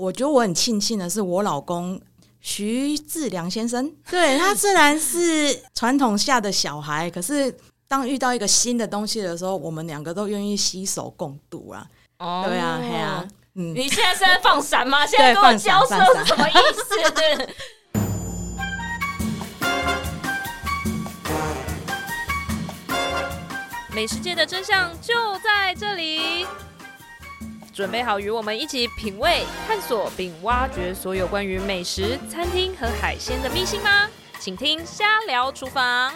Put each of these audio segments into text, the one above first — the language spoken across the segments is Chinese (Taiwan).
我覺得我很慶幸的是，我老公徐志良先生，對他雖然是傳統下的小孩，可是當遇到一個新的東西的時候，我們兩個都願意攜手共度啊。哦、對啊，對啊，嗯，你現在是在放閃嗎？我 現在跟我交涉是什麼意思？ 美食界的真相就在這裡。準備好與我們一起品味、探索、並挖掘所有關於美食、餐廳和海鮮的秘辛嗎？請聽《蝦聊廚房》。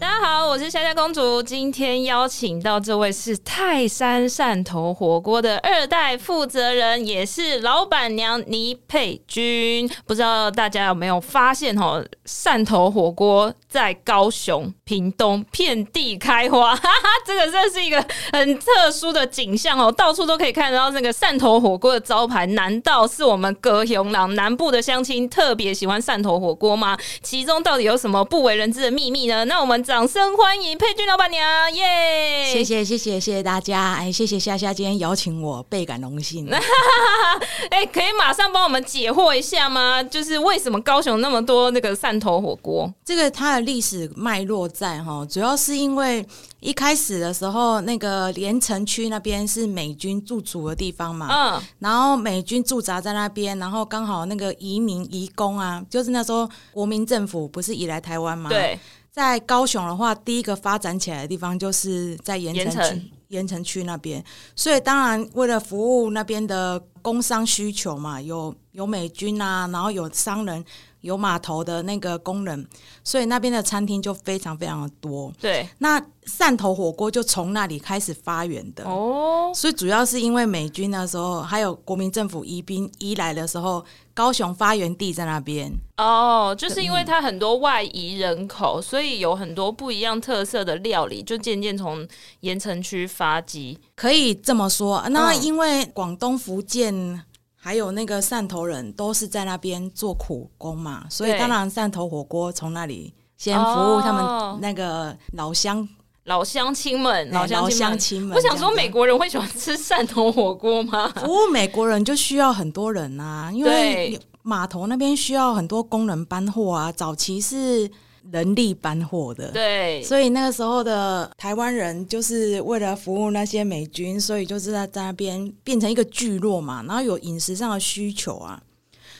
大家好，我是蝦蝦公主。今天邀請到這位是泰山汕頭火鍋的二代負責人，也是老闆娘倪佩君。不知道大家有沒有發現吼、哦？汕頭火鍋。在高雄、屏東遍地開花，哈哈，這個真是一個很特殊的景象哦，到處都可以看到那個汕頭火鍋的招牌。難道是我們高雄、朗南部的鄉親特別喜歡汕頭火鍋嗎？其中到底有什麼不為人知的秘密呢？那我們掌聲歡迎佩君老闆娘，耶、yeah!！謝謝謝謝謝謝大家，哎，謝謝夏夏今天邀請我，倍感榮幸。哎、 欸，可以馬上幫我們解惑一下嗎？就是為什麼高雄那麼多那個汕頭火鍋？這個他歷史脈絡在哈，主要是因為一開始的時候，那個鹽埕區那邊是美軍駐足的地方嘛，嗯，然後美軍駐紮在那邊，然後剛好那個移民、移工啊，就是那時候國民政府不是以來台灣嗎？對，在高雄的話，第一個發展起來的地方就是在鹽埕鹽埕區那邊，所以當然為了服務那邊的工商需求嘛，有有美軍啊，然後有商人。有碼頭的那個工人，所以那邊的餐廳就非常非常的多。對，那汕頭火鍋就從那裡開始發源的。哦，所以主要是因為美軍的時候，還有國民政府移兵移來的時候，高雄發源地在那邊。哦，就是因為它很多外移人口，嗯、所以有很多不一樣特色的料理，就漸漸從鹽埕區發跡。可以這麼說，那因為廣東、福建還有那個汕頭人都是在那邊做苦工嘛，所以當然汕頭火鍋從那裡先服務他們那個老鄉、哦、老鄉親們、老鄉親們。對老鄉親們。我想說，美國人會喜歡吃汕頭火鍋嗎？服務美國人就需要很多人啊，因為碼頭那邊需要很多工人搬貨啊。早期是。人力搬貨的，對，所以那個時候的台灣人就是為了服務那些美軍，所以就是在那邊變成一個聚落嘛，然後有飲食上的需求啊，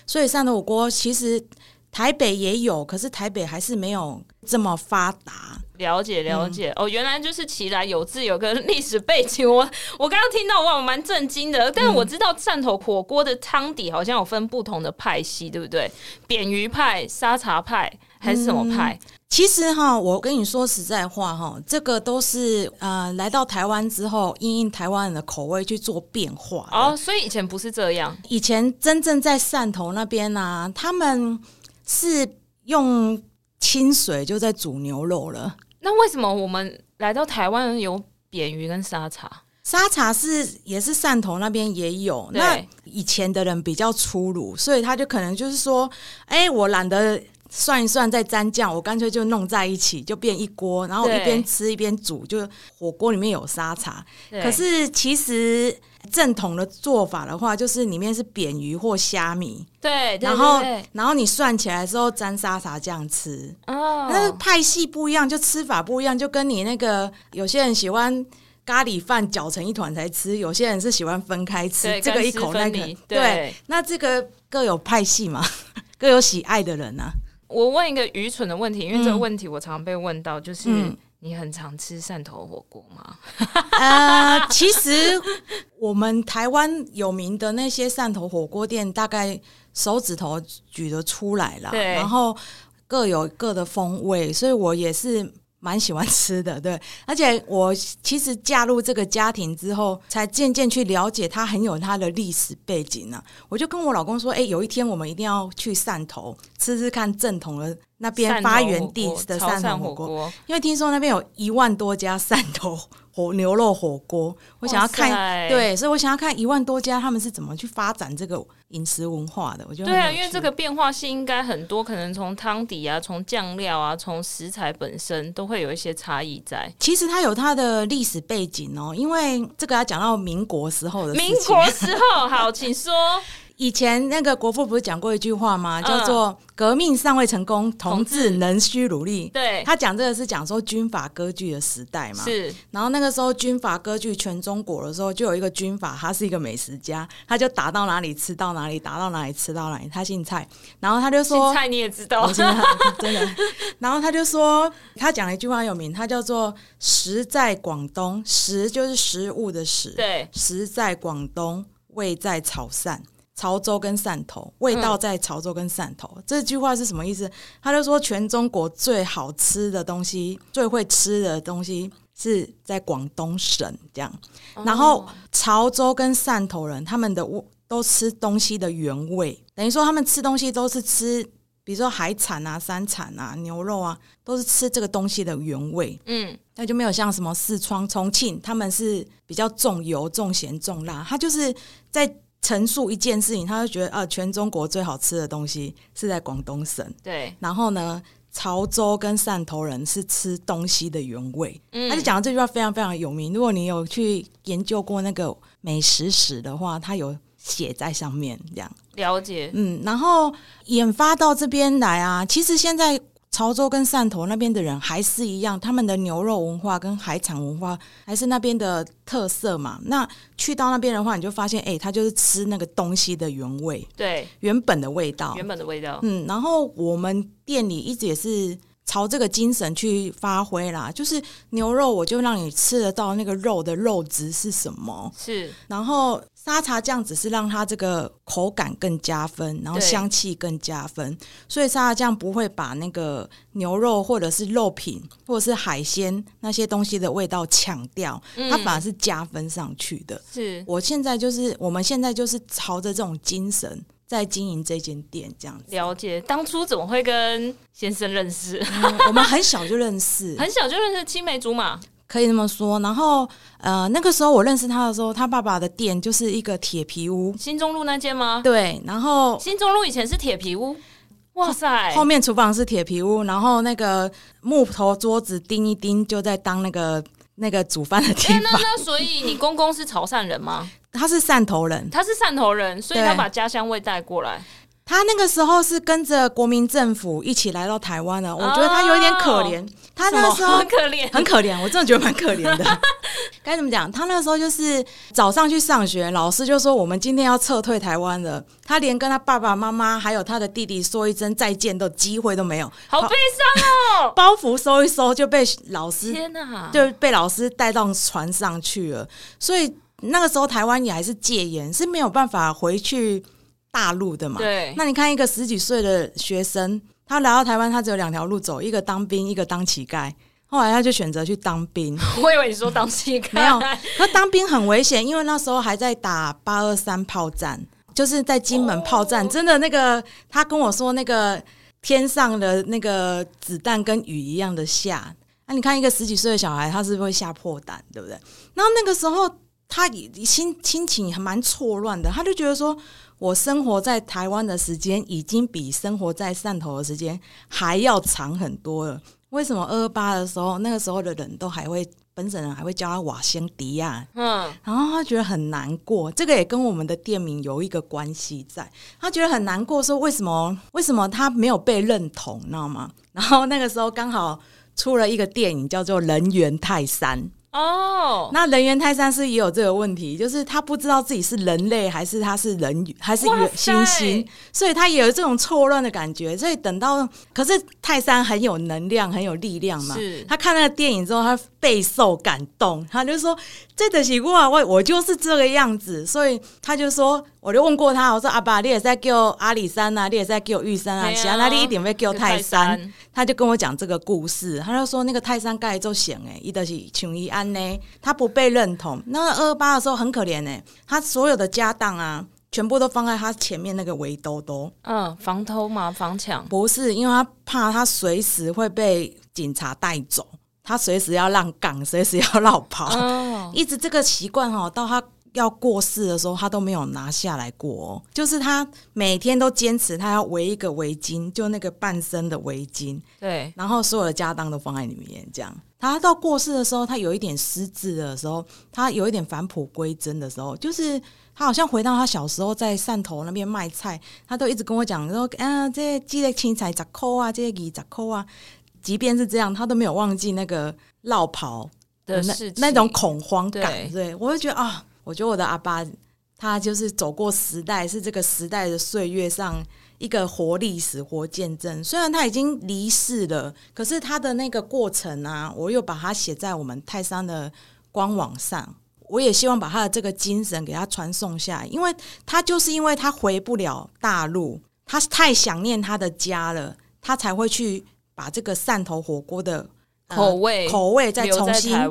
所以汕頭火鍋其實台北也有，可是台北還是沒有這麼發達。了解了解，嗯、哦，原來就是其來有自，有個歷史背景，我我剛剛聽到哇，我蠻震驚的。但是我知道汕頭火鍋的湯底好像有分不同的派系，對不對？扁魚派、沙茶派。還是什麼派？嗯、其實哈，我跟你說實在話哈，這個都是呃，來到台灣之後，因應台灣人的口味去做變化哦。所以以前不是這樣，以前真正在汕頭那邊呢、啊，他們是用清水就在煮牛肉了。那為什麼我們來到台灣有扁魚跟沙茶？沙茶是也是汕頭那邊也有。對那以前的人比較粗魯，所以他就可能就是說，哎、欸，我懶得。涮一涮再沾醬，我乾脆就弄在一起，就變一鍋，然後，一邊吃一邊煮，對就火鍋裡面有沙茶。對可是其實正統的做法的話，就是裡面是扁魚或蝦米，對，對,對然，然後然後你涮起來之後沾沙茶醬吃。哦，那派系不一樣，就吃法不一樣，就跟你那個有些人喜歡咖喱飯攪成一團才吃，有些人是喜歡分開吃，對這個一口那個對，對對，那這個各有派系嘛，各有喜愛的人吶、啊。我問一個愚蠢的問題，因為這個問題我常被問到，就是你很常吃汕頭火鍋嗎？呃，其實我們台灣有名的那些汕頭火鍋店，大概手指頭舉得出來了，對然後各有各的風味，所以我也是。蠻喜歡吃的，對，而且我其實嫁入這個家庭之後，才漸漸去了解它很有它的歷史背景呢啊。我就跟我老公說，誒，有一天我們一定要去汕頭吃吃看正統的那邊發源地的汕頭火鍋，潮汕火鍋，因為聽說那邊有一萬多家汕頭火牛肉火鍋，我想要看，塞對，所以我想要看一萬多家他們是怎麼去發展這個飲食文化的。我覺得對啊，因為這個變化性應該很多，可能從湯底啊，從醬料啊，從食材本身都會有一些差異在。其實它有它的歷史背景哦，因為這個要講到民國時候的事情、啊、民國時候，好，請說。 以前那個國父不是講過一句話嗎？叫做“革命尚未成功，同志仍需努力”。對，他講這個是講說軍閥割據的時代嘛。是。然後那個時候軍閥割據全中國的時候，就有一個軍閥，他是一個美食家，他就打到哪裡吃到哪裡，打到哪裡吃到哪裡。他姓蔡，然後他就說：“姓蔡你也知道。哦”啊、 真的。然後他就說，他講了一句話有名，他叫做“食在廣東”，“食”就是食物的“食”。對，“食在廣東，味在潮汕”。潮州跟汕頭味道在潮州跟汕頭、嗯、這句話是什麼意思？他就說全中國最好吃的東西、最會吃的東西是在廣東省這樣。嗯、然後潮州跟汕頭人他們的都吃東西的原味，等於說他們吃東西都是吃，比如說海產啊、山產啊、牛肉啊，都是吃這個東西的原味。嗯，那就沒有像什麼四川、重慶，他們是比較重油、重鹹、重辣。他就是在。陳述一件事情，他就覺得啊，全中國最好吃的東西是在廣東省。對，然後呢，潮州跟汕頭人是吃東西的原味。嗯，他就講到這句話非常非常有名。如果你有去研究過那個美食史的話，他有寫在上面這樣。了解。嗯，然後研發到這邊來啊，其實現在。潮州跟汕頭那邊的人還是一樣，他們的牛肉文化跟海產文化還是那邊的特色嘛。那去到那邊的話，你就發現，哎、欸，他就是吃那個東西的原味，對，原本的味道，原本的味道。嗯，然後我們店裡一直也是朝這個精神去發揮啦，就是牛肉，我就讓你吃得到那個肉的肉質是什麼，是，然後。沙茶醬只是讓它這個口感更加分，然後香氣更加分，對所以沙茶醬不會把那個牛肉或者是肉品或者是海鮮那些東西的味道搶掉，嗯、它反而是加分上去的。是我現在，就是我們現在就是朝着這種精神在經營這間店，這樣子。了解。當初怎麼會跟先生認識？嗯、我們很小就認識， 很小就認識，青梅竹馬。可以這麼說，然後呃，那個時候我認識他的時候，他爸爸的店就是一個鐵皮屋，新中路那間嗎？對，然後新中路以前是鐵皮屋，哇塞，後面廚房是鐵皮屋，然後那個木頭桌子釘一釘就在當那個那個煮飯的天吶、欸，那，那所以你公公是潮汕人嗎？ 他是汕頭人，他是汕頭人，所以他把家鄉味帶過來。他那個時候是跟着國民政府一起來到台灣的，我覺得他有點可憐。他那個時候很可憐，很可憐，我真的覺得蠻可憐的。該怎麼講？他那個時候就是早上去上學，老師就說我們今天要撤退台灣了。他連跟他爸爸媽媽還有他的弟弟說一聲再見的機會都沒有，好悲傷哦！包袱收一收就被老師，天哪，就被老師帶到船上去了。所以那個時候台灣也還是戒嚴，是沒有辦法回去。大陸的嘛，對那你看一個十幾歲的學生，他來到台灣，他只有兩條路走，一個當兵，一個當乞丐。後來他就選擇去當兵。我以為你說當乞丐。 沒有，他當兵很危險，因為那時候還在打八二三炮戰，就是在金門炮戰，哦、真的那個他跟我說，那個天上的那個子彈跟雨一樣的下。那你看一個十幾歲的小孩，他是不是會嚇破膽？對不對？然後那個時候，他也心心情還蠻錯亂的，他就覺得說。我生活在台灣的時間已經比生活在汕頭的時間還要長很多了。為什麼二二八的時候，那個時候的人都還會本省人還會叫他瓦仙迪亞？嗯，然後他覺得很難過，這個也跟我們的店名有一個關係在，他覺得很難過，說為什麼為什麼他沒有被認同，你知道嗎？然後那個時候剛好出了一個電影叫做《人猿泰山》。哦，oh. 那人猿泰山是也有這個問題，就是他不知道自己是人類還是他是人還是一個猩猩，所以他也有這種錯亂的感覺。所以等到，可是泰山很有能量、很有力量嘛。是他看那個電影之後，他備受感動，他就說：“這東西啊，我我就是這個樣子。”所以他就說。我就問過他，我說：“阿爸，你也在叫阿里山啊，你也在叫玉山啊，其他、啊、一點沒叫泰山？”泰山他就跟我講這個故事，他就說：“那個泰山蓋一座險哎，伊是窮一安呢，他不被認同。那個二二八的時候很可憐呢，他所有的家當啊，全部都放在他前面那個圍兜兜，嗯，防偷嘛，防搶。不是，因為他怕他隨時會被警察帶走，他隨時要讓崗，隨時要落跑。哦、一直這個習慣哦，到他。”要過世的時候，他都沒有拿下來過、哦。就是他每天都堅持，他要圍一個圍巾，就那個半身的圍巾。對。然後所有的家當都放在裡面，這樣。他到過世的時候，他有一點失智的時候，他有一點返璞歸真的時候，就是他好像回到他小時候在汕頭那邊賣菜。他都一直跟我講說：“啊，這些這些青菜咋扣啊？這些魚咋扣啊？”即便是這樣，他都沒有忘記那個落跑的那，那種恐慌感。對，對，我就覺得啊。我覺得我的阿爸，他就是走過時代，是這個時代的歲月上一個活歷史、活見證。雖然他已經離世了，可是他的那個過程啊，我又把它寫在我們泰山的官網上。我也希望把他的這個精神給他傳送下來，因為他就是因為他回不了大陸，他是太想念他的家了，他才會去把這個汕頭火鍋的。口味，呃，口味再重新在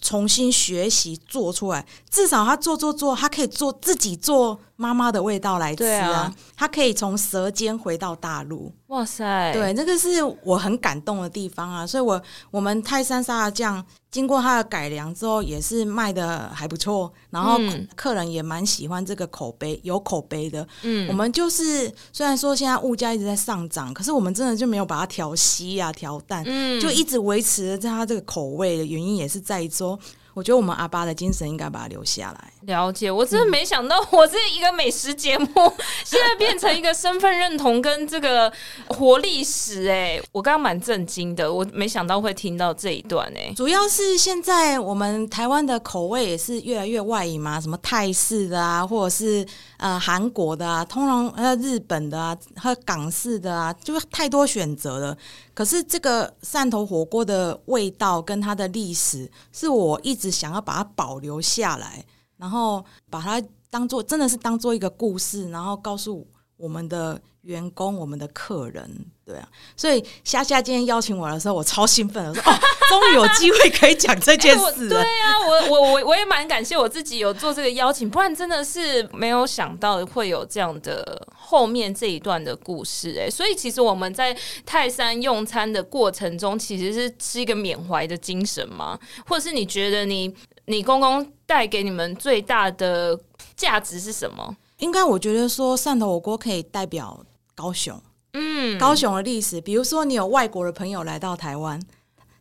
重新學習做出來，至少他做做做，他可以做自己做。媽媽的味道來吃啊，啊它可以從舌尖回到大陸。哇塞，對，這、那個是我很感動的地方啊。所以我，我我們泰山沙茶醬經過它的改良之後，也是賣得還不錯，然後客人也蠻喜歡這個口碑，嗯、有口碑的。嗯，我們就是雖然說現在物價一直在上漲，可是我們真的就沒有把它調稀啊、調淡，嗯，就一直維持著它這個口味的原因，也是在於說，我覺得我們阿爸的精神應該把它留下來。了解，我真的沒想到，我是一個美食節目，嗯、現在變成一個身份認同跟這個活歷史、欸。哎，我剛剛蠻震驚的，我沒想到會聽到這一段、欸。哎，主要是現在我們台灣的口味也是越來越外移嘛，什麼泰式的啊，或者是呃韓國的啊，通常呃日本的啊，和港式的啊，就是太多選擇了。可是這個汕頭火鍋的味道跟它的歷史，是我一直。想要把它保留下來，然後把它當做真的是當做一個故事，然後告訴我們的員工，我們的客人。對啊，所以蝦蝦今天邀請我的時候，我超興奮，我說哦，終於有機會可以講這件事了。 欸、對啊，我我我我也蠻感謝我自己有做這個邀請，不然真的是沒有想到會有這樣的後面這一段的故事，欸。哎，所以其實我們在泰山用餐的過程中，其實是是一個緬懷的精神嗎？或者是你覺得你你公公帶給你們最大的價值是什麼？應該我覺得說汕頭火鍋可以代表高雄。嗯，高雄的歷史，比如說你有外國的朋友來到台灣，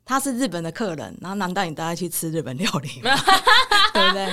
他是日本的客人，然後難道你帶他去吃日本料理嗎？ 對不對？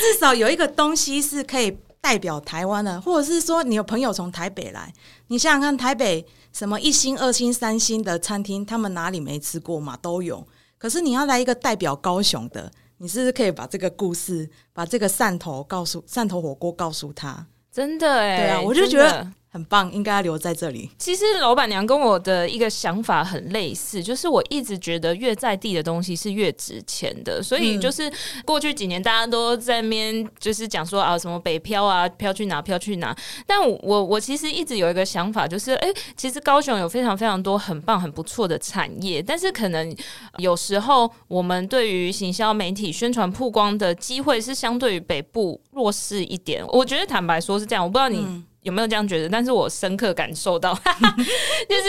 至少有一個東西是可以代表台灣的，或者是說你有朋友從台北來，你想想看台北什麼一星、二星、三星的餐廳，他們哪裡沒吃過嘛？都有。可是你要來一個代表高雄的，你是不是可以把這個故事，把這個汕頭告訴汕頭火鍋告訴他？真的哎、欸，對啊，我就覺得。很棒，應該留在這裡。其實老闆娘跟我的一個想法很類似，就是我一直覺得越在地的東西是越值錢的。所以就是過去幾年大家都在那邊，就是講說啊什麼北漂啊，漂去哪漂去哪。但我我其實一直有一個想法，就是哎、欸，其實高雄有非常非常多很棒、很不錯的產業，但是可能有時候我們對於行銷媒體宣傳曝光的機會是相對於北部弱勢一點。我覺得坦白說是這樣，我不知道你、嗯。有沒有這樣覺得？但是我深刻感受到， 就是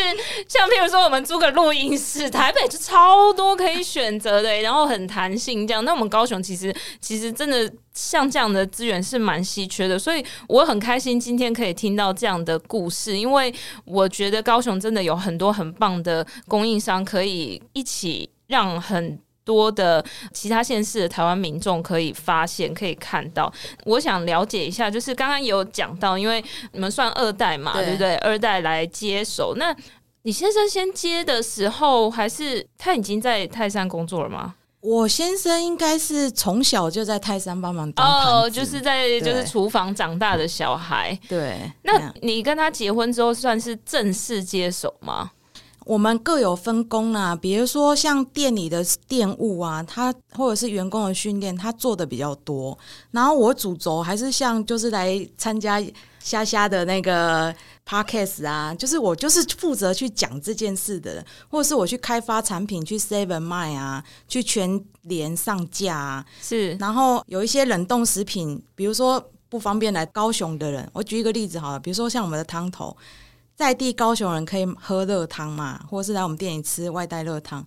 像譬如說，我們租個錄音室，台北是超多可以選擇的，欸，然後很彈性。這樣，那我們高雄其實其實真的像這樣的資源是蠻稀缺的，所以我很開心今天可以聽到這樣的故事，因為我覺得高雄真的有很多很棒的供應商，可以一起讓很。多的其他縣市的台灣民眾可以發現，可以看到。我想了解一下，就是剛剛有講到，因為你們算二代嘛，對，對不對？二代來接手。那你先生先接的時候，還是他已經在泰山工作了嗎？我先生應該是從小就在泰山幫忙當，哦，oh, 就是在對就是廚房長大的小孩。對，那你跟他結婚之後，算是正式接手嗎？我們各有分工啊，比如說像店裡的店務啊，他或者是員工的訓練，他做的比較多。然後我主軸還是像就是來參加蝦蝦的那個 podcast 啊，就是我就是負責去講這件事的，或者是我去開發產品去 seven 賣啊，去全聯上架啊，是。然後有一些冷凍食品，比如說不方便來高雄的人，我舉一個例子好了，比如說像我們的湯頭。在地高雄人可以喝熱湯嘛，或者是來我們店裡吃外帶熱湯。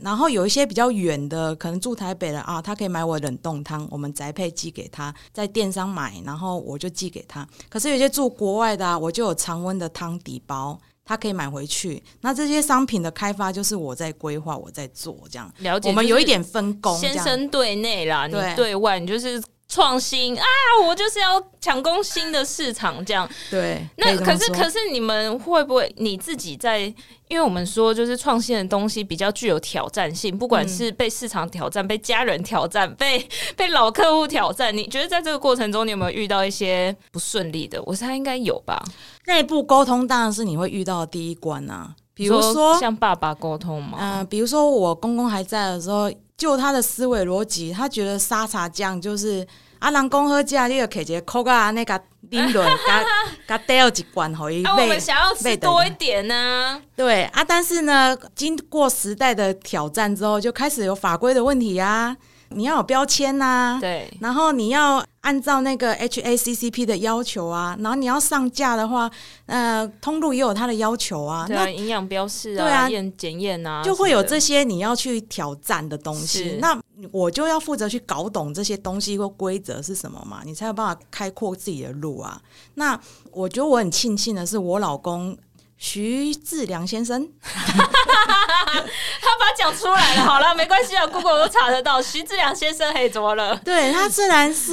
然後有一些比較遠的，可能住台北的啊，他可以買我冷凍湯，我們宅配寄給他，在電商買，然後我就寄給他。可是有些住國外的啊，我就有常溫的湯底包，他可以買回去。那這些商品的開發就是我在規劃，我在做這樣。了解，我們有一點分工，先生對內啦，對對外對你就是。創新啊，我就是要搶攻新的市場，這樣對。那可是可，可是，你們會不會你自己在？因為我們說，就是創新的東西比較具有挑戰性，不管是被市場挑戰、嗯、被家人挑戰、被被老客戶挑戰。你覺得在這個過程中，你有沒有遇到一些不順利的？我猜應該有吧。內部溝通當然是你會遇到的第一關啊，比如說，比如說像爸爸溝通嘛，嗯、呃，比如說我公公還在的時候。就他的思維邏輯，他覺得沙茶醬就是阿蘭公喝加那個客家客家那個丁倫加加豆子罐好一罐，那、啊、我們想要吃多一點呢、啊？對啊，但是呢，經過時代的挑戰之後，就開始有法規的問題啊，你要有標籤吶、啊，對，然後你要。按照那個 HACCP 的要求啊，然後你要上架的話，呃，通路也有它的要求啊。對啊，營養那標示啊，驗檢驗啊，啊就會有這些你要去挑戰的東西。的那我就要負責去搞懂這些東西或規則是什麼嘛，你才有辦法開闊自己的路啊。那我覺得我很慶幸的是，我老公。徐志良先生， 他把講出來了。好了，沒關係啊，Google 都查得到。徐志良先生，嘿、hey,，怎麼了？對，他雖然是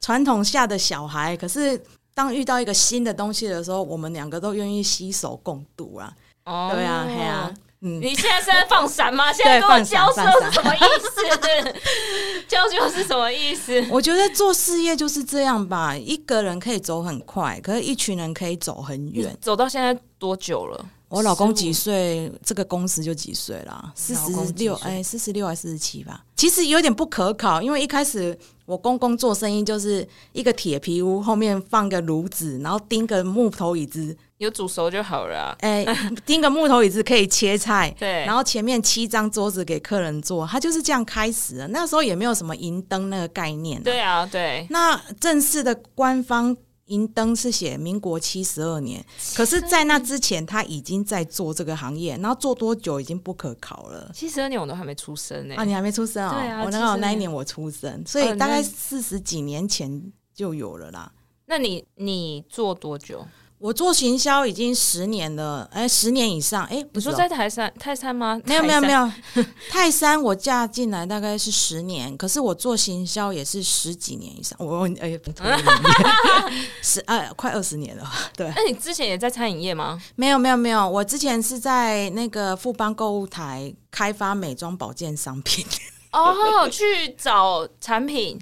傳統下的小孩，可是當遇到一個新的東西的時候，我們兩個都願意攜手共度啊。哦、oh, 啊，對啊，對啊。嗯、你現在是在放閃嗎？現在跟我交涉是什麼意思？就是 是什麼意思？我覺得做事業就是這樣吧，一個人可以走很快，可是一群人可以走很遠。走到現在多久了？我老公幾歲？我這個公司就幾歲了？四十六？哎、欸，四十六還是四十七吧？其實有點不可考，因為一開始我公公做生意就是一個鐵皮屋，後面放個爐子，然後釘個木頭椅子。有煮熟就好了、啊。哎、欸，釘個木頭椅子可以切菜。 對，然後前面七張桌子給客人坐，他就是這樣開始的。那時候也沒有什麼營登那個概念、啊。對啊，對。那正式的官方營登是寫民國七十二年，可是在那之前他已經在做這個行業，然後做多久已經不可考了。七十二年我都還沒出生呢、欸。啊，你還沒出生、哦、對啊？我剛好那一年我出生，所以大概四十幾年前就有了啦。那你你做多久？我做行銷已經十年了，哎，十年以上，哎，你說在泰山泰山嗎？沒有沒有沒有， 泰山我嫁進來大概是十年，可是我做行銷也是十幾年以上，我哎，不，不 十年，十、呃、哎，快二十年了，對。那你之前也在餐飲業嗎？沒有沒有沒有，我之前是在那個富邦購物台開發美妝保健商品。哦，oh, 去找產品。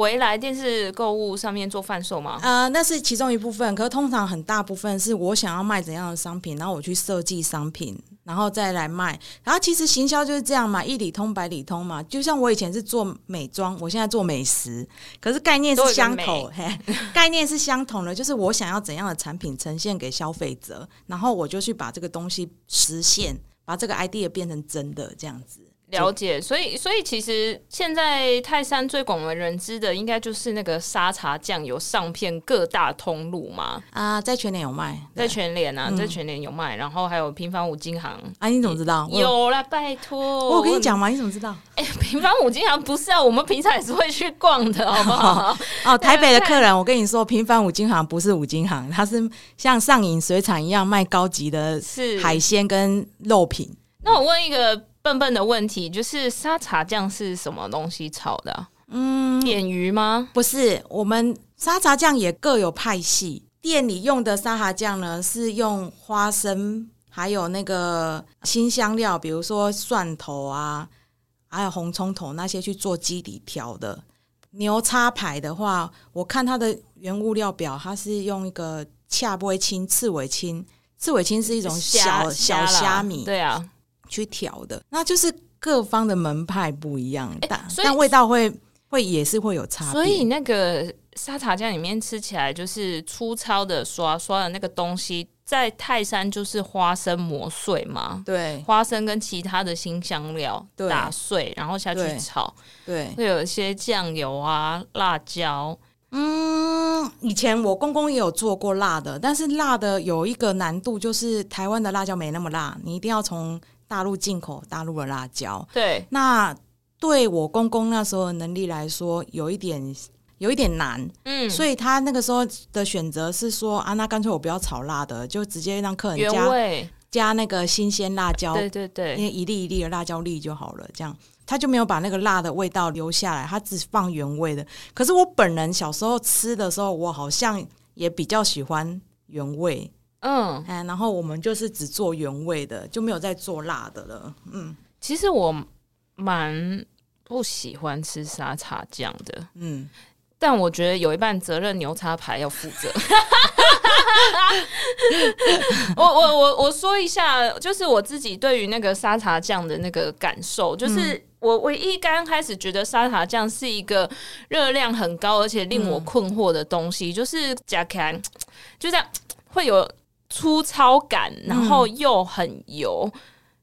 回來電視購物上面做販售嗎？呃，那是其中一部分，可是通常很大部分是我想要賣怎樣的商品，然後我去設計商品，然後再來賣。然後其實行銷就是這樣嘛，一理通百理通嘛。就像我以前是做美妝，我現在做美食，可是概念是相同，嘿， 概念是相同的，就是我想要怎樣的產品呈現給消費者，然後我就去把這個東西實現，把這個 idea 變成真的這樣子。了解，所以所以其實現在泰山最廣為人知的，應該就是那個沙茶醬有上片各大通路嘛啊、呃，在全聯有賣，在全聯啊，在全聯、啊嗯、有賣，然後還有平凡五金行啊。你怎麼知道？欸、有啦，拜托，我跟你講嘛，你怎麼知道？哎、欸，平凡五金行不是啊，我們平常也是會去逛的，好不好哦？哦，台北的客人，我跟你說，平凡五金行不是五金行，它是像上引水產一樣賣高級的海鮮跟肉品。是嗯、那我問一個。笨笨的問題就是沙茶醬是什麼東西炒的？嗯，點魚嗎？不是，我們沙茶醬也各有派系。店裡用的沙茶醬呢，是用花生還有那個辛香料，比如說蒜頭啊，還有紅蔥頭那些去做基底調的。牛叉牌的話，我看它的原物料表，它是用一個恰薄青、赤尾青、赤尾青是一種小蝦小蝦米，對啊。去調的，那就是各方的門派不一樣，欸、但味道會會也是會有差。所以那個沙茶醬裡面吃起來就是粗糙的刷刷的那個東西，在泰山就是花生磨碎嘛，對，花生跟其他的辛香料打碎，對然後下去炒，對，對會有一些醬油啊、辣椒。嗯，以前我公公也有做過辣的，但是辣的有一個難度就是台灣的辣椒沒那麼辣，你一定要從。大陸進口大陸的辣椒，對，那對我公公那時候的能力來說，有一點有一點難，嗯，所以他那個時候的選擇是說啊，那乾脆我不要炒辣的，就直接讓客人加原味加那個新鮮辣椒，對，對對，因為一粒一粒的辣椒粒就好了，這樣他就沒有把那個辣的味道留下來，他只放原味的。可是我本人小時候吃的時候，我好像也比較喜歡原味。嗯，哎，然後我們就是只做原味的，就沒有再做辣的了。嗯，其實我蠻不喜歡吃沙茶醬的。嗯，但我覺得有一半責任牛頭牌要負責。我我我我說一下，就是我自己對於那個沙茶醬的那個感受，就是我唯一剛開始覺得沙茶醬是一個熱量很高而且令我困惑的東西，嗯、就是夾開，就這樣咳咳會有粗糙感，然後又很油，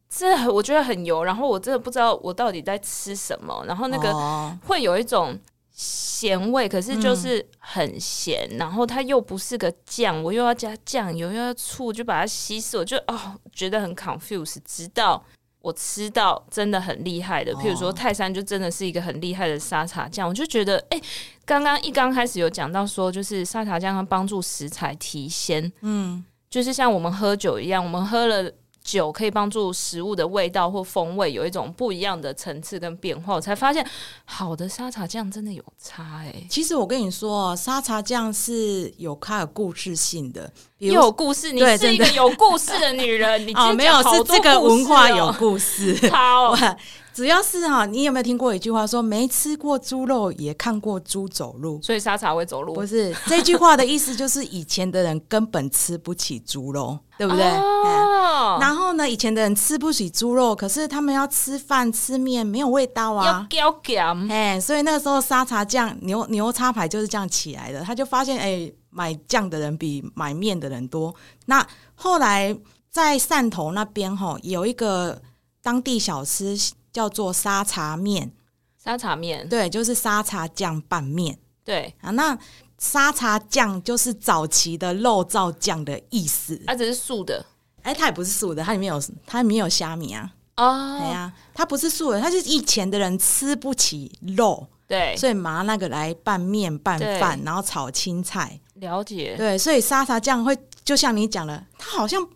這、嗯、我覺得很油。然後我真的不知道我到底在吃什麼。然後那個會有一種鹹味，可是就是很鹹。嗯、然後它又不是個醬，我又要加醬油，又要醋，就把它稀釋。我就哦，覺得很 confused。直到我吃到真的很厲害的，哦、譬如說泰山，就真的是一個很厲害的沙茶醬。我就覺得，哎，剛剛一剛開始有講到說，就是沙茶醬它幫助食材提鮮，嗯。就是像我們喝酒一樣，我們喝了酒可以幫助食物的味道或風味有一種不一樣的層次跟變化。我才發現，好的沙茶醬真的有差哎、欸。其實我跟你說，沙茶醬是有看有故事性的，有故事，對你是一個有故事的女人。哦，沒有，是這個文化有故事。好、哦。 主要是哈，你有沒有聽過一句話說沒吃過豬肉也看過豬走路，所以沙茶會走路？不是這句話的意思，就是以前的人根本吃不起豬肉， 對不對、哦嗯？然後呢，以前的人吃不起豬肉，可是他們要吃飯吃麵沒有味道啊，要勾鹹。哎、嗯，所以那個時候沙茶醬、牛牛叉牌就是這樣起來的。他就發現，哎、欸，買醬的人比買麵的人多。那後來在汕頭那邊哈，有一個當地小吃。叫做沙茶麵，沙茶麵。對，就是沙茶醬拌麵。對啊，那沙茶醬就是早期的肉燥醬的意思。它、啊、只是素的，哎、欸，它也不是素的，它裡面有它裡面有蝦米啊。哦，oh。對啊，它不是素的，它是以前的人吃不起肉，對，所以拿那個來拌麵、拌飯，對然後炒青菜。了解。對，所以沙茶醬會就像你講的，它好像。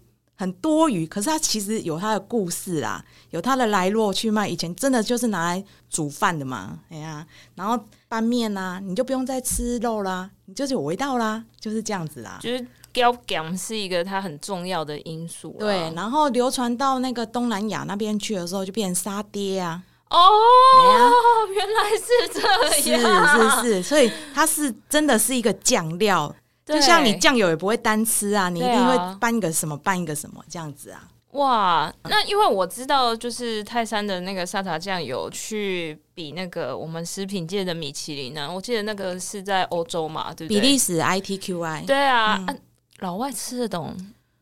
很多餘，可是它其實有它的故事啊，有它的來龍去脈。以前真的就是拿來煮飯的嘛，哎呀、啊，然後拌麵吶、啊，你就不用再吃肉啦，你就是有味道啦，就是這樣子啦。就是 gel gum 是一個它很重要的因素、啊。對，然後流傳到那個東南亞那邊去的時候，就變成沙爹啊。哦、oh, 啊，原來是這樣，是是是，所以它是真的是一個醬料。對就像你醬油也不會單吃啊，你一定會拌一個什麼拌、啊、一個什麼這樣子啊。哇，那因為我知道就是泰山的那個沙茶醬有去比那個我們食品界的米其林呢、啊，我記得那個是在歐洲嘛，對不對？比利時 I T Q I，對啊、嗯、啊，老外吃得懂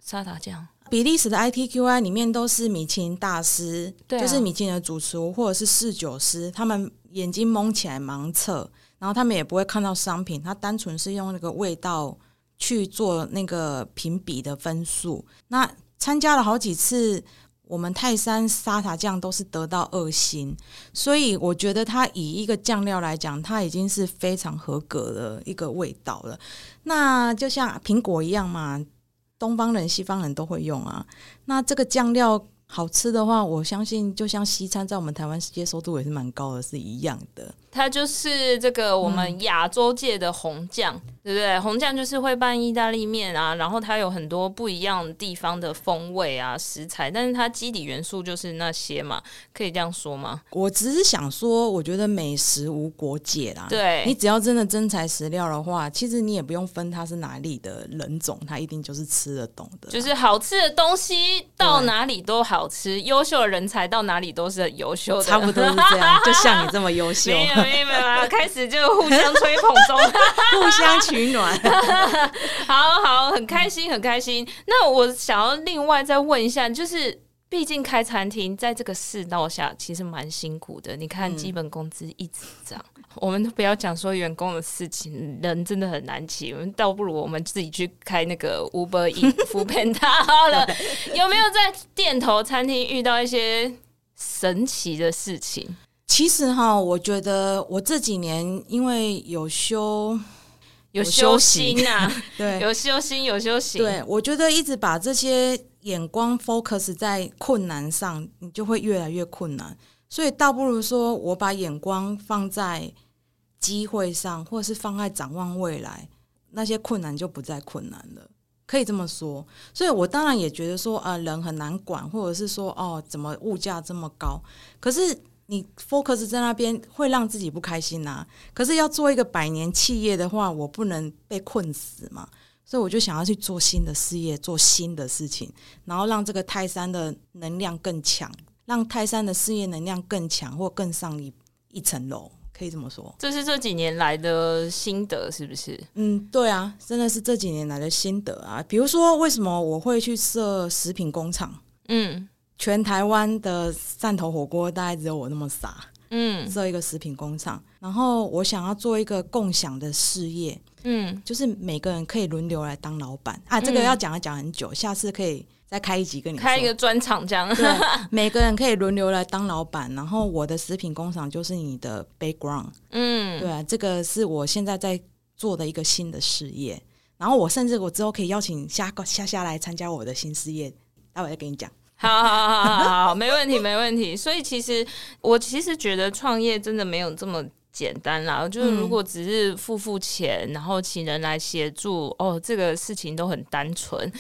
沙茶醬。比利時的 I T Q I 裡面都是米其林大師，啊、就是米其林的主廚或者是侍酒師，他們眼睛蒙起來盲測。然後他們也不會看到商品，他單純是用那個味道去做那個評比的分數。那參加了好幾次，我們泰山沙茶醬都是得到二星，所以我覺得它以一個醬料來講，它已經是非常合格的一個味道了。那就像蘋果一樣嘛，東方人、西方人都會用啊。那這個醬料，好吃的話，我相信就像西餐在我們台灣接受度也是蠻高的，是一樣的。它就是這個我們亞洲界的紅醬，嗯、對不對？紅醬就是會拌意大利麵啊，然後它有很多不一樣地方的風味啊、食材，但是它基底元素就是那些嘛，可以這樣說嗎？我只是想說，我覺得美食無國界啦。對，你只要真的真材實料的話，其實你也不用分它是哪裡的人種，它一定就是吃得懂的。就是好吃的東西到哪裡都好。保持優秀的人才到哪裡都是很優秀的，差不多是這樣， 就像你這麼優秀 沒有，沒有沒有，開始就互相吹捧中， 互相取暖， 好好，很開心，很開心。那我想要另外再問一下，就是畢竟開餐廳在這個世道下，其實蠻辛苦的。你看，基本工資一直漲。嗯我們都不要講說員工的事情，人真的很難請，我們倒不如我們自己去開那個 Uber、foodpanda 了。有沒有在汕頭餐廳遇到一些神奇的事情？其實哈，我覺得我這幾年因為有修有修心吶，啊、 對，有修心、有修行。對，我覺得一直把這些眼光 focus 在困難上，你就會越來越困難。所以倒不如說我把眼光放在機會上，或者是放在展望未來，那些困難就不再困難了，可以這麼說。所以，我當然也覺得說，啊、呃，人很難管，或者是說，哦，怎麼物價這麼高？可是你 focus 在那邊會讓自己不開心吶、啊。可是要做一個百年企業的話，我不能被困死嘛。所以我就想要去做新的事業，做新的事情，然後讓這個泰山的能量更強，讓泰山的事業能量更強，或更上一一層樓，可以這麼說。這是這幾年來的心得，是不是？嗯，對啊，真的是這幾年來的心得啊。比如說，為什麼我會去設食品工廠？嗯，全台灣的汕頭火鍋大概只有我那麼傻。嗯，設一個食品工廠，然後我想要做一個共享的事業。嗯，就是每個人可以輪流來當老闆啊。這個要講要講很久，嗯、下次可以。再開一集，跟你開一個專場這樣。對， 每個人可以輪流來當老闆，然後我的食品工廠就是你的 background。嗯，對啊，這個是我現在在做的一個新的事業，然後我甚至我之後可以邀請蝦蝦蝦來參加我的新事業，待會再跟你講。好，好，好，好，好，好，好，好，沒問題，沒問題。所以其實我其實覺得創業真的沒有這麼。簡單啦，就是如果只是付付錢，嗯，然後請人來協助，哦，這個事情都很單純。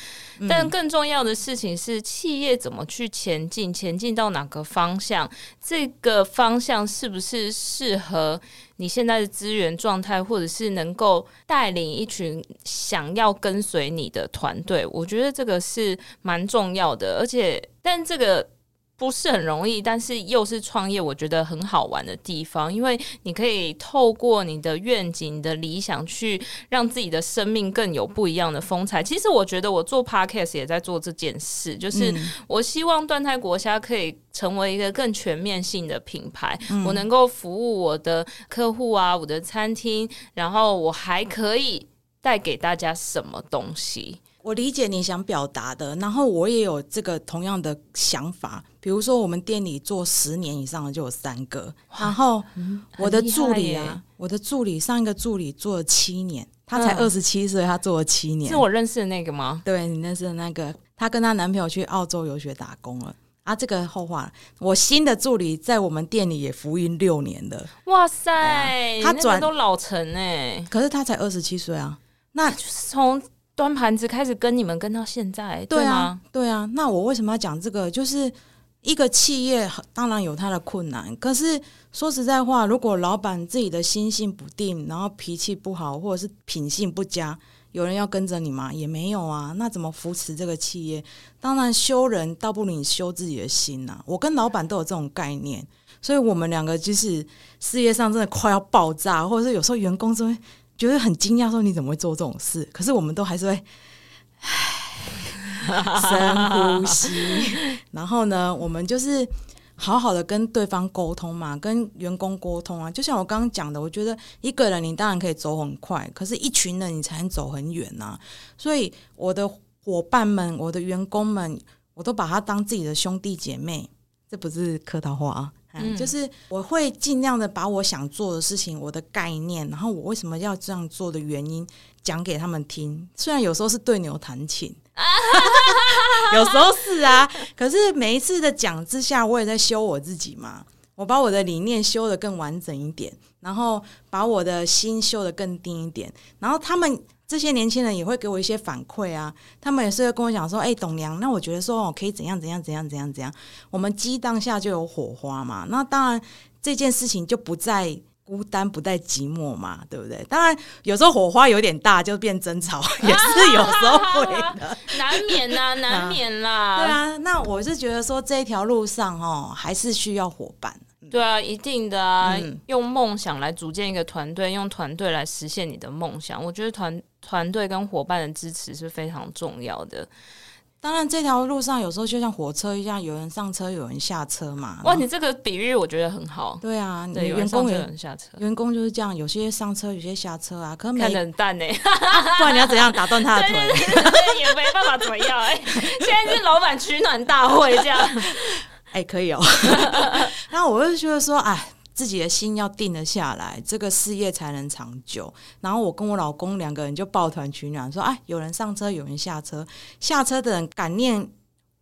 但更重要的事情是，企業怎麼去前進？前進到哪個方向？這個方向是不是適合你現在的資源狀態，或者是能夠帶領一群想要跟隨你的團隊？我覺得這個是蠻重要的。而且，但這個。不是很容易，但是又是創業，我覺得很好玩的地方，因為你可以透過你的願景、你的理想，去讓自己的生命更有不一樣的風采。其實我覺得我做 podcast 也在做這件事，就是我希望段泰國蝦可以成為一個更全面性的品牌，嗯、我能夠服務我的客戶啊，我的餐廳，然後我還可以帶給大家什麼東西。我理解你想表達的，然後我也有這個同樣的想法。比如說，我們店裡做十年以上的就有三個，然後我的助理啊，我的助理上一個助理做了七年，他才二十七歲，他做了七年、呃，是我認識的那個嗎？對你認識的那個，她跟她男朋友去澳洲遊學打工了。啊，這個後話。我新的助理在我們店裡也服務六年了。哇塞，啊、他轉都老成哎、欸，可是他才二十七歲啊，那從。端盤子開始跟你們跟到現在，對啊，對嗎？對啊。那我為什麼要講這個？就是一個企業當然有它的困難，可是說實在話，如果老闆自己的心性不定，然後脾氣不好，或者是品性不佳，有人要跟着你嗎？也沒有啊。那怎麼扶持這個企業？當然修人，倒不如你修自己的心吶啊。我跟老闆都有這種概念，所以我們兩個就是事業上真的快要爆炸，或者是有時候員工這邊。覺得很驚訝，說你怎麼會做這種事？可是我們都還是會，唉，深呼吸。 然後呢，我們就是好好的跟對方溝通嘛，跟員工溝通啊。就像我剛剛講的，我覺得一個人你當然可以走很快，可是一群人你才能走很遠啊。所以我的夥伴們、我的員工們，我都把他當自己的兄弟姐妹，這不是客套話啊。嗯，嗯，就是我會盡量的把我想做的事情、我的概念，然後我為什麼要這樣做的原因講給他們聽。雖然有時候是對牛彈琴， 有時候是啊， 可是每一次的講之下，我也在修我自己嘛。我把我的理念修得更完整一點，然後把我的心修得更定一點，然後他們。這些年輕人也會給我一些反饋啊，他們也是會跟我講說，哎、欸，董娘，那我覺得說，我可以怎樣怎樣怎樣怎樣怎樣，我們激當下就有火花嘛，那當然這件事情就不再孤單，不再寂寞嘛，對不對？當然有時候火花有點大，就變爭吵也是有時候會的，難免啦難免啦。對啊，那我是覺得說，這一條路上哦，還是需要夥伴。對啊，一定的啊，嗯、用夢想來組建一個團隊，用團隊來實現你的夢想。我覺得團團隊跟夥伴的支持是非常重要的。當然，這條路上有時候就像火車一樣，有人上車，有人下車嘛。哇，後你這個比喻我覺得很好。對啊，對你員工有人上車，有人下車。員工就是這樣，有些上車，有些下車啊。可沒看得很淡呢、欸 啊，不然你要怎樣打斷他的腿？哈 也沒辦法怎麼樣哎、欸。 現在是老板取暖大會這樣。 哎、欸，可以哦。 那我就覺得說，哎，自己的心要定了下來，這個事業才能長久。然後我跟我老公兩個人就抱團取暖，說，哎，有人上車，有人下車。下車的人感念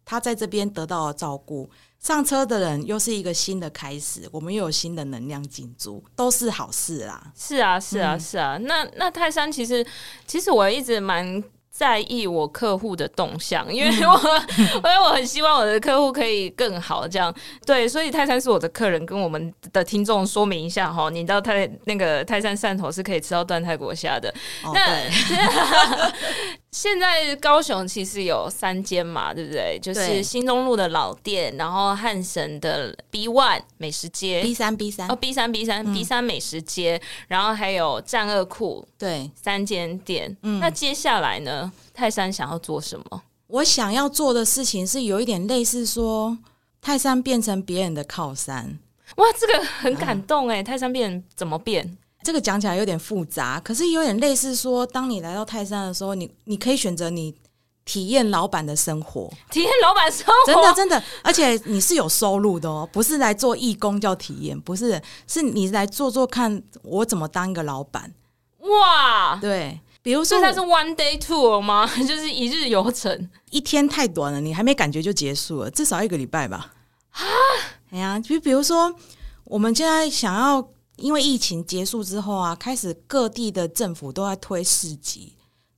他在這邊得到了照顧，上車的人又是一個新的開始，我們又有新的能量進駐。都是好事啦。是啊，是啊，嗯、是啊。那那泰山其實，其實我一直蠻。在意我客戶的動向，因為我，因為 我很希望我的客戶可以更好。這樣對，所以泰山是我的客人，跟我們的聽眾說明一下吼，你到泰那個泰山汕頭是可以吃到段泰國蝦的。哦、對那。 現在高雄其實有三間嘛，對不對？就是新中路的老店，然後漢神的 B One 美食街，B 三 B 三哦，B 三 B 三、嗯、B 三美食街，然後還有戰惡庫，對，三間店。嗯、那接下來呢？泰山想要做什麼？我想要做的事情是有一點類似說，泰山變成別人的靠山。哇，這個很感動哎、欸！嗯、泰山變怎麼變？這個講起來有點複雜，可是有點類似說，當你來到泰山的時候，你你可以選擇你體驗老闆的生活，體驗老闆生活，真的真的，而且你是有收入的哦，不是來做義工叫體驗，不是，是你來做做看我怎麼當一個老闆。哇，對，比如說它是 one day tour 嗎？ 就是一日遊程，一天太短了，你還沒感覺就結束了，至少一個禮拜吧。啊哈，哎呀，就比如說我們現在想要。因為疫情結束之後啊，開始各地的政府都在推市集，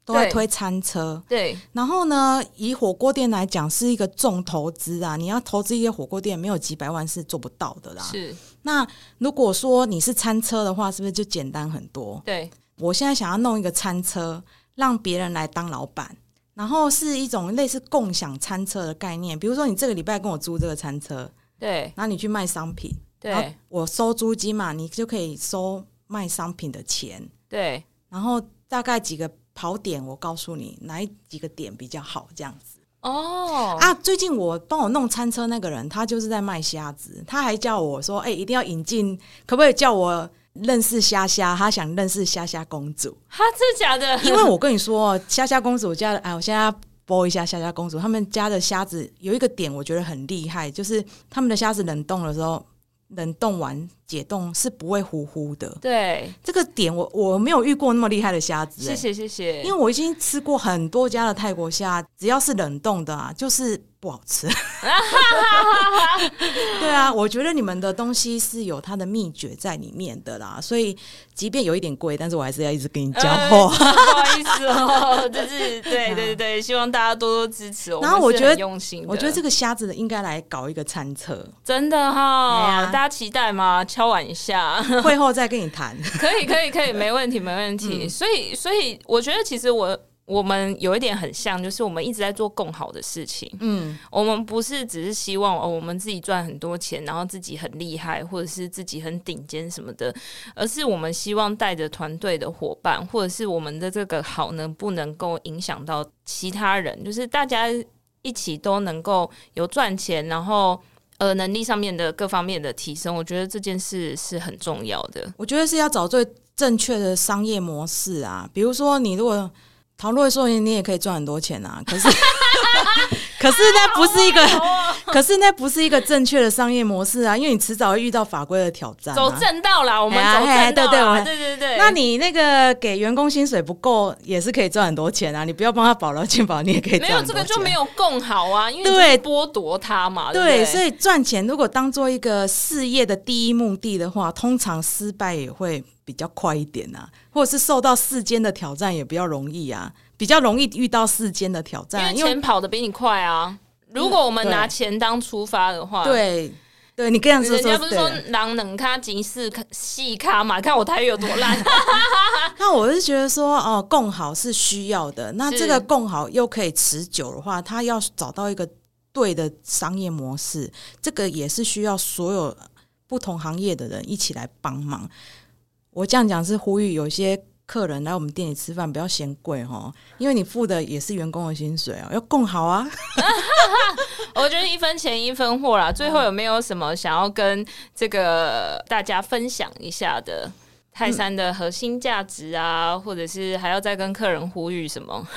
對都在推餐車。對，然後呢，以火鍋店來講是一個重投資啊，你要投資一些火鍋店，沒有幾百萬是做不到的啦。是。那如果說你是餐車的話，是不是就簡單很多？對。我現在想要弄一個餐車，讓別人來當老板，然後是一種類似共享餐車的概念。比如說，你這個禮拜跟我租這個餐車，對，然後你去賣商品。對，我收租金嘛，你就可以收賣商品的錢。對，然後大概幾個跑點，我告訴你哪幾個點比較好，這樣子。哦，oh. 啊，最近我幫我弄餐車那個人，他就是在賣蝦子，他還叫我說：“哎、欸，一定要引進，可不可以叫我認識蝦蝦？他想認識蝦蝦公主。哈”他真的假的？因為我跟你說，蝦蝦公主我家的，哎，我現在要播一下蝦蝦公主，他們家的蝦子有一個點，我覺得很厲害，就是他們的蝦子冷凍的時候。冷凍完解凍是不會糊糊的，對，這個點我我沒有遇過那麼厲害的蝦子。謝謝謝謝，因為我已經吃過很多家的泰國蝦，只要是冷凍的啊，就是。不好吃， 對啊，我覺得你們的東西是有它的秘訣在裡面的啦，所以即便有一點貴，但是我還是要一直跟你講貨、呃。不好意思哦、喔， 就是對對對對，希望大家多多支持、嗯、我然後我覺得用心，我覺得這個蝦子的應該來搞一個餐車，真的哈、喔，啊、大家期待嗎？敲碗一下， 會後再跟你談，可以可以可以，沒問題沒問題。嗯、所以所以我覺得其實我。我們有一點很像，就是我們一直在做更好的事情。嗯，我們不是只是希望哦，我們自己賺很多錢，然後自己很厲害，或者是自己很頂尖什麼的，而是我們希望帶着團隊的夥伴，或者是我們的這個好能不能夠影響到其他人，就是大家一起都能夠有賺錢，然後呃能力上面的各方面的提升。我覺得這件事是很重要的。我覺得是要找最正確的商業模式啊，比如說你如果。討論說：“你你也可以賺很多錢啊，可是、 啊、可是那不是一個，啊哦、可是那不是一個正確的商業模式啊，因為你遲早會遇到法規的挑戰、啊。走正道啦，我們走正道、哎呀哎、對對對、啊、對對對對。那你那個給員工薪水不夠，也是可以賺很多錢啊，你不要幫他保勞健保，你也可以賺。沒有這個就沒有更好啊，因為你剝奪他嘛，對，對，對，對，所以賺錢如果當做一個事業的第一目的的話，通常失敗也會。”比較快一點啊，或者是受到世間的挑戰也比較容易啊，比較容易遇到世間的挑戰、啊，因為錢跑得比你快啊。為如果我們拿錢當出發的話，嗯、對，對，對你這樣說，說，你人家不是說人兩腳，錢四腳嘛？看我台語有多爛。那我是覺得說，哦，共好是需要的，那這個共好又可以持久的話，他要找到一個對的商業模式，這個也是需要所有不同行業的人一起來幫忙。我這樣講是呼籲有些客人來我們店裡吃飯不要嫌貴哦，因為你付的也是員工的薪水哦，要共好啊！ 我覺得一分錢一分貨啦。最後有沒有什麼想要跟這個大家分享一下的泰山的核心價值啊，或者是還要再跟客人呼籲什麼？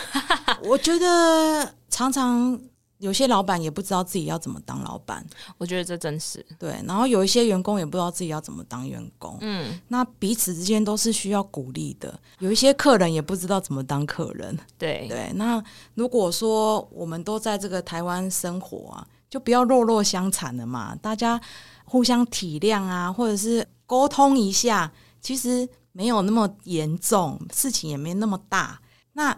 我覺得常常。有些老闆也不知道自己要怎麼當老闆，我覺得這真是對。然後有一些員工也不知道自己要怎麼當員工，嗯，那彼此之間都是需要鼓勵的。有一些客人也不知道怎麼當客人，對對。那如果說我們都在這個台灣生活啊，就不要弱弱相殘了嘛，大家互相體諒啊，或者是溝通一下，其實沒有那麼嚴重，事情也沒那麼大。那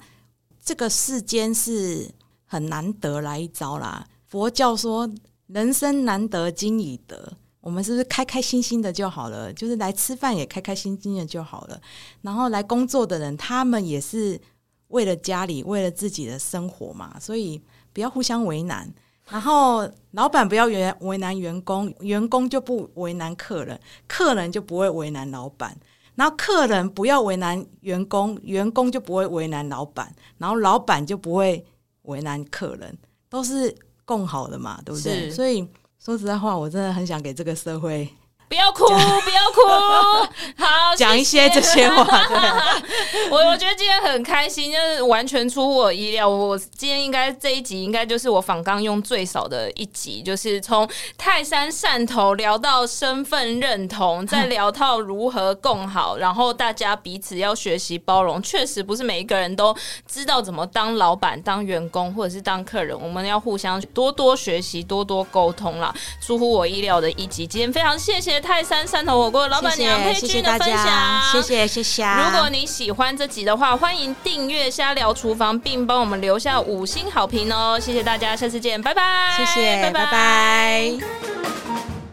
這個世間是。很難得來一遭啦！佛教說人生難得今已得，我們是不是開開心心的就好了？就是來吃飯也開開心心的就好了。然後來工作的人，他們也是為了家裡，為了自己的生活嘛，所以不要互相為難。然後老板不要為難員工，員工就不為難客人，客人就不會為難老板。然後客人不要為難員工，員工就不會為難老板。然後老板就不會。為難客人，都是共好的嘛，對不對？是。所以說實在話，我真的很想給這個社會。不要哭，不要哭，好，講 一些這些話。對 我我覺得今天很開心，就是完全出乎我意料。我今天應該這一集應該就是我訪剛用最少的一集，就是從泰山汕頭聊到身份認同，再聊到如何共好， 然後大家彼此要學習包容。確實不是每一個人都知道怎麼當老闆、當員工或者是當客人，我們要互相多多學習、多多溝通啦。出乎我意料的一集，今天非常謝謝。泰山汕頭火鍋老闆娘，謝謝佩君的分享，謝謝謝謝。謝謝啊，如果你喜歡這集的話，歡迎訂閱“蝦聊廚房”，並幫我們留下五星好評哦！謝謝大家，下次見，拜拜，謝謝，拜拜拜。